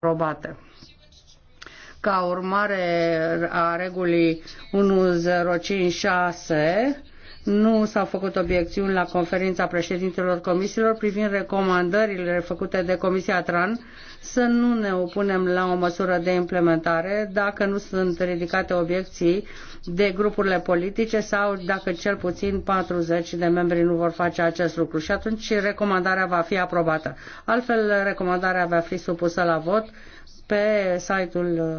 aprobate. Ca urmare a regulii 1056, nu s-au făcut obiecțiuni la conferința președintelor comisiilor privind recomandările făcute de Comisia TRAN să nu ne opunem la o măsură de implementare dacă nu sunt ridicate obiecții de grupurile politice sau dacă cel puțin 40 de membri nu vor face acest lucru și atunci recomandarea va fi aprobată. Altfel, recomandarea va fi supusă la vot pe site-ul